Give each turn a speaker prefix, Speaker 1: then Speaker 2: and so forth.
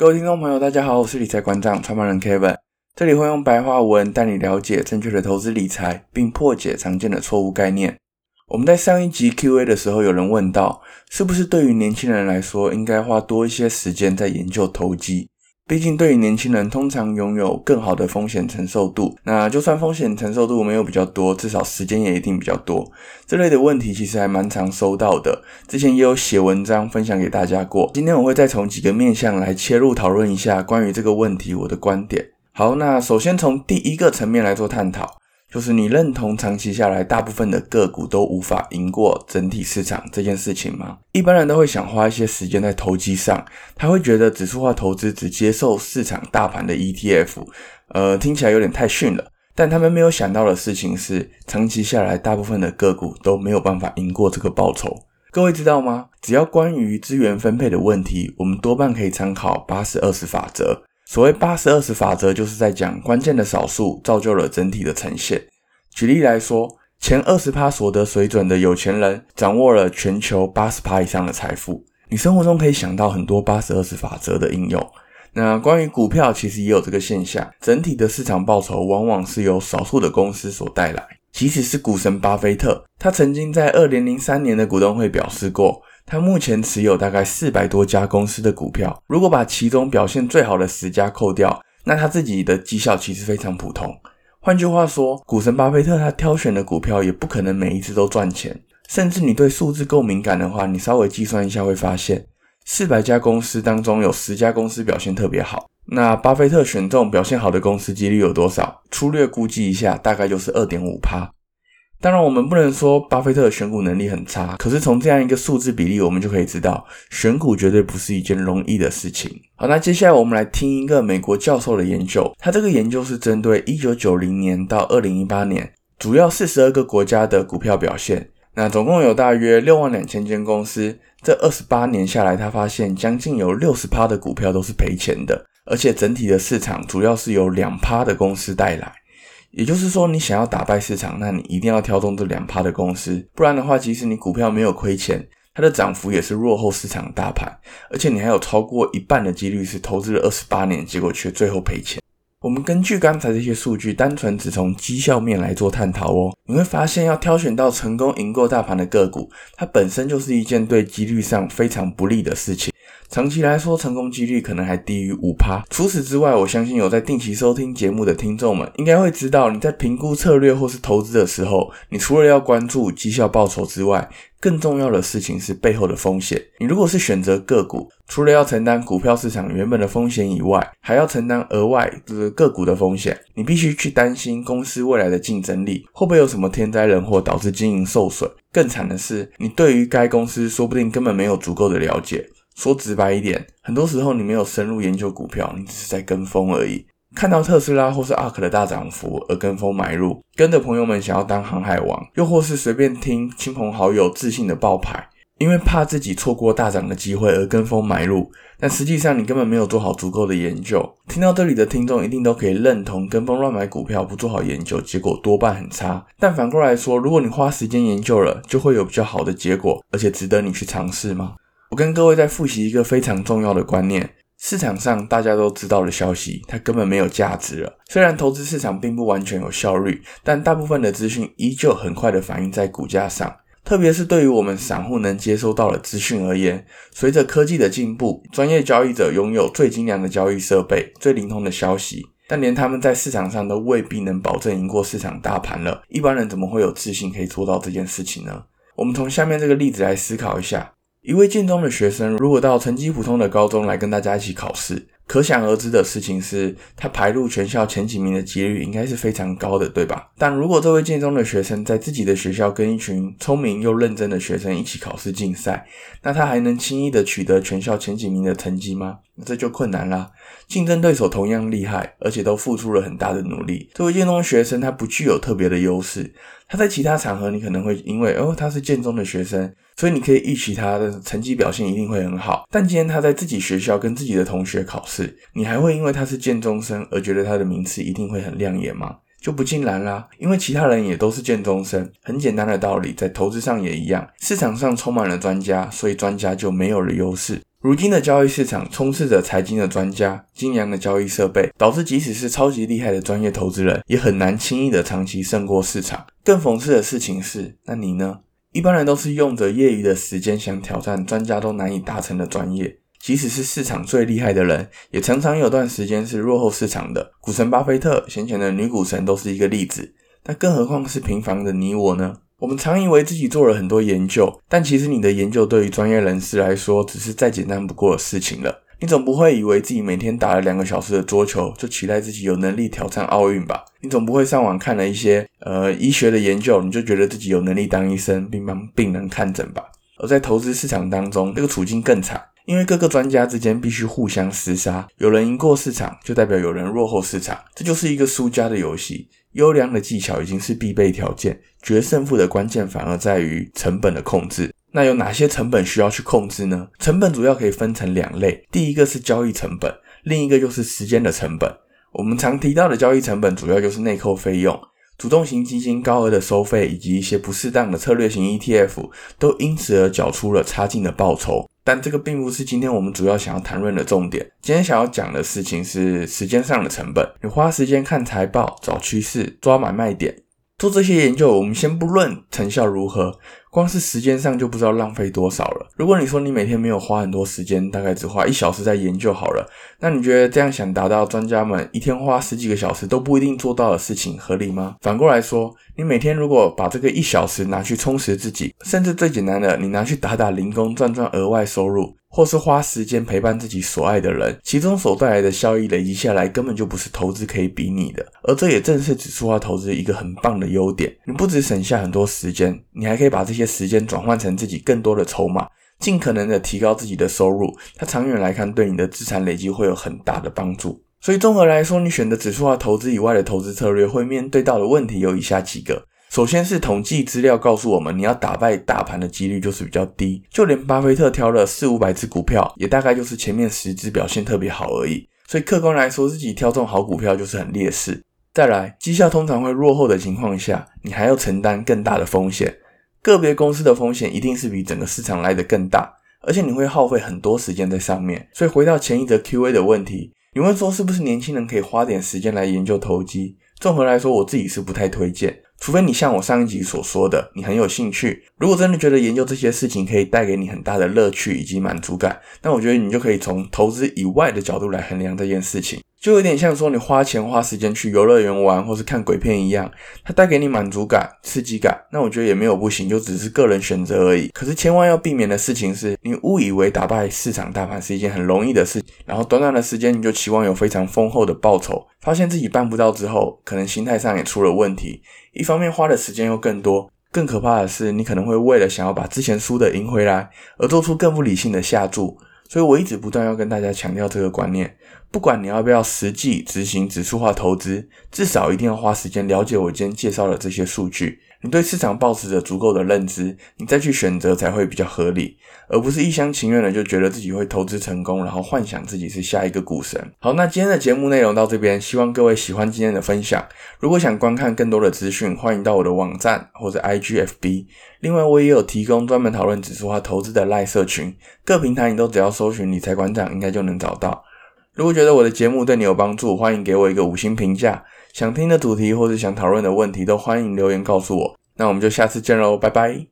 Speaker 1: 各位聽眾朋友，大家好，我是理財館長，創辦人 Kevin，這裡會用白話文帶你了解正確的投資理財，並破解常見的錯誤概念。我們在上一集 Q&A 的時候，有人問到，是不是對於年輕人來說，應該花多一些時間在研究投機？畢竟，對於年輕人，通常擁有更好的風險承受度。那就算風險承受度沒有比較多，至少時間也一定比較多。這類的問題其實還蠻常收到的，之前也有寫文章分享給大家過。今天我會再從幾個面向來切入討論一下關於這個問題我的觀點。好，那首先從第一個層面來做探討。就是你認同長期下來，大部分的個股都無法贏過整體市場這件事情嗎？一般人都會想花一些時間在投機上，他會覺得指數化投資只接受市場大盤的 ETF，呃，聽起來有點太遜了。但他們沒有想到的事情是，長期下來，大部分的個股都沒有辦法贏過這個報酬。各位知道嗎？只要關於資源分配的問題，我們多半可以參考八十二十法則。所謂八十二十法則，就是在講關鍵的少數造就了整體的呈現。舉例來說，前二十趴所得水準的有錢人，掌握了全球八十趴以上的財富。你生活中可以想到很多八十二十法則的應用。那關於股票，其實也有這個現象，整體的市場報酬往往是由少數的公司所帶來。即使是股神巴菲特，他曾經在二零零三年的股東會表示過。他目前持有大概四百多家公司的股票，如果把其中表現最好的十家扣掉，那他自己的績效其實非常普通。換句話說，股神巴菲特他挑選的股票也不可能每一次都賺錢。甚至你對數字夠敏感的話，你稍微計算一下會發現，四百家公司當中有十家公司表現特別好，那巴菲特選中表現好的公司幾率有多少？粗略估計一下，大概就是二點五趴。當然，我們不能說巴菲特的選股能力很差，可是從這樣一個數字比例，我們就可以知道，選股絕對不是一件容易的事情。好，那接下來我們來聽一個美國教授的研究，他這個研究是針對一九九零年到二零一八年，主要四十二個國家的股票表現。那總共有大約六萬兩千間公司，這二十八年下來，他發現將近有六十趴的股票都是賠錢的，而且整體的市場主要是由兩趴的公司帶來。也就是說，你想要打敗市場，那你一定要挑中這兩趴的公司，不然的話，即使你股票沒有虧錢，它的漲幅也是落後市場的大盤，而且你還有超過一半的幾率是投資了二十八年，結果卻最後賠錢。我們根據剛才這些數據，單純只從績效面來做探討哦，你會發現要挑選到成功贏過大盤的個股，它本身就是一件對幾率上非常不利的事情。長期來說，成功幾率可能還低於五趴。除此之外，我相信有在定期收聽節目的聽眾們，應該會知道，你在評估策略或是投資的時候，你除了要關注績效報酬之外，更重要的事情是背後的風險。你如果是選擇個股，除了要承擔股票市場原本的風險以外，還要承擔額外就是個股的風險。你必須去擔心公司未來的競爭力，會不會有什麼天災人禍導致經營受損。更慘的是，你對於該公司說不定根本沒有足夠的了解。說直白一點，很多時候你沒有深入研究股票，你只是在跟風而已。看到特斯拉或是 ARK 的大漲幅而跟風買入，跟着朋友們想要當航海王，又或是隨便聽親朋好友自信的報牌，因為怕自己錯過大漲的機會而跟風買入，但實際上你根本沒有做好足夠的研究。聽到這裡的聽眾一定都可以認同跟風亂買股票不做好研究，結果多半很差。但反過來說，如果你花時間研究了，就會有比較好的結果，而且值得你去嘗試嗎？我跟各位再複習一個非常重要的觀念。市場上大家都知道的消息，它根本沒有價值了。雖然投資市場並不完全有效率，但大部分的資訊依舊很快的反映在股價上。特別是對於我們散戶能接收到的資訊而言，隨着科技的進步，專業交易者擁有最精良的交易設備、最靈通的消息，但連他們在市場上都未必能保證贏過市場大盤了。一般人怎麼會有自信可以做到這件事情呢？我們從下面這個例子來思考一下。一位建中的學生，如果到成績普通的高中來跟大家一起考試，可想而知的事情是，他排入全校前幾名的幾率應該是非常高的，對吧？但如果這位建中的學生在自己的學校跟一群聰明又認真的學生一起考試競賽，那他還能輕易的取得全校前幾名的成績嗎？那這就困難啦。競爭對手同樣厲害，而且都付出了很大的努力。這位建中的學生他不具有特別的優勢。他在其他場合，你可能會因為哦，他是建中的學生，所以你可以預期他的成績表現一定會很好。但今天他在自己學校跟自己的同學考試，你還會因為他是建中生而覺得他的名次一定會很亮眼嗎？就不盡然啦，啊，因為其他人也都是建中生，很簡單的道理，在投資上也一樣。市場上充滿了專家，所以專家就沒有了優勢。如今的交易市場充斥着財經的專家、精良的交易設備，導致即使是超級厲害的專業投資人，也很難輕易的長期勝過市場。更諷刺的事情是，那你呢？一般人都是用着業餘的時間，想挑戰專家都難以達成的專業。即使是市場最厲害的人，也常常有段時間是落後市場的。股神巴菲特、先前的女股神都是一個例子。但更何況是平凡的你我呢？我們常以為自己做了很多研究，但其實你的研究對於專業人士來說，只是再簡單不過的事情了。你總不會以為自己每天打了兩個小時的桌球，就期待自己有能力挑戰奧運吧？你總不會上網看了一些呃醫學的研究，你就覺得自己有能力當醫生並幫病人看診吧？而在投資市場當中，這個處境更慘，因為各個專家之間必須互相廝殺，有人贏過市場，就代表有人落後市場，這就是一個輸家的遊戲。優良的技巧已經是必備條件，決勝負的關鍵反而在於成本的控制。那有哪些成本需要去控制呢？成本主要可以分成兩類，第一個是交易成本，另一個就是時間的成本。我們常提到的交易成本，主要就是內扣費用。主動型基金高額的收費，以及一些不適當的策略型 ETF 都因此而繳出了差勁的報酬，但這個並不是今天我們主要想要談論的重點。今天想要講的事情是時間上的成本，你花時間看財報、找趨勢、抓買賣點。做這些研究，我們先不論成效如何，光是時間上就不知道浪費多少了。如果你說你每天沒有花很多時間，大概只花一小時在研究好了，那你覺得這樣想達到專家們一天花十幾個小時都不一定做到的事情，合理嗎？反過來說，你每天如果把這個一小時拿去充實自己，甚至最簡單的，你拿去打打零工，賺賺額外收入。或是花時間陪伴自己所愛的人，其中所帶來的效益累積下來，根本就不是投資可以比擬的。而這也正是指數化投資一個很棒的優點。你不只省下很多時間，你還可以把這些時間轉換成自己更多的籌碼，盡可能的提高自己的收入。它長遠來看對你的資產累積會有很大的幫助。所以綜合來說，你選擇指數化投資以外的投資策略，會面對到的問題有以下幾個。首先是統計資料告訴我們，你要打敗大盤的幾率就是比較低。就連巴菲特挑了四五百隻股票，也大概就是前面十隻表現特別好而已。所以客觀來說，自己挑中好股票就是很劣勢。再來，績效通常會落後的情況下，你還要承擔更大的風險。個別公司的風險一定是比整個市場來得更大，而且你會耗費很多時間在上面。所以回到前一則 QA 的問題，你問說是不是年輕人可以花點時間來研究投機？綜合來說，我自己是不太推薦。除非你像我上一集所說的，你很有興趣，如果真的覺得研究這些事情可以帶給你很大的樂趣以及滿足感，那我覺得你就可以從投資以外的角度來衡量這件事情。就有點像說你花錢花時間去遊樂園玩，或是看鬼片一樣，它帶給你滿足感、刺激感。那我覺得也沒有不行，就只是個人選擇而已。可是千萬要避免的事情是你誤以為打敗市場大盤是一件很容易的事情，然後短短的時間你就期望有非常豐厚的報酬，發現自己辦不到之後，可能心態上也出了問題。一方面花的時間又更多，更可怕的是你可能會為了想要把之前輸的贏回來，而做出更不理性的下注。所以我一直不斷要跟大家強調這個觀念。不管你要不要實際執行指數化投資，至少一定要花時間了解我今天介紹的這些數據。你對市場抱持著足夠的認知，你再去選擇才會比較合理，而不是一廂情願的就覺得自己會投資成功，然後幻想自己是下一個股神。好，那今天的節目內容到這邊，希望各位喜歡今天的分享。如果想觀看更多的資訊，歡迎到我的網站或者 IGFB。另外，我也有提供專門討論指數化投資的 LINE 社群，各平台你都只要搜尋“理財館長”應該就能找到。如果覺得我的節目對你有幫助，歡迎給我一個五星評價。想聽的主題或是想討論的問題，都歡迎留言告訴我。那我們就下次見嘍，拜拜。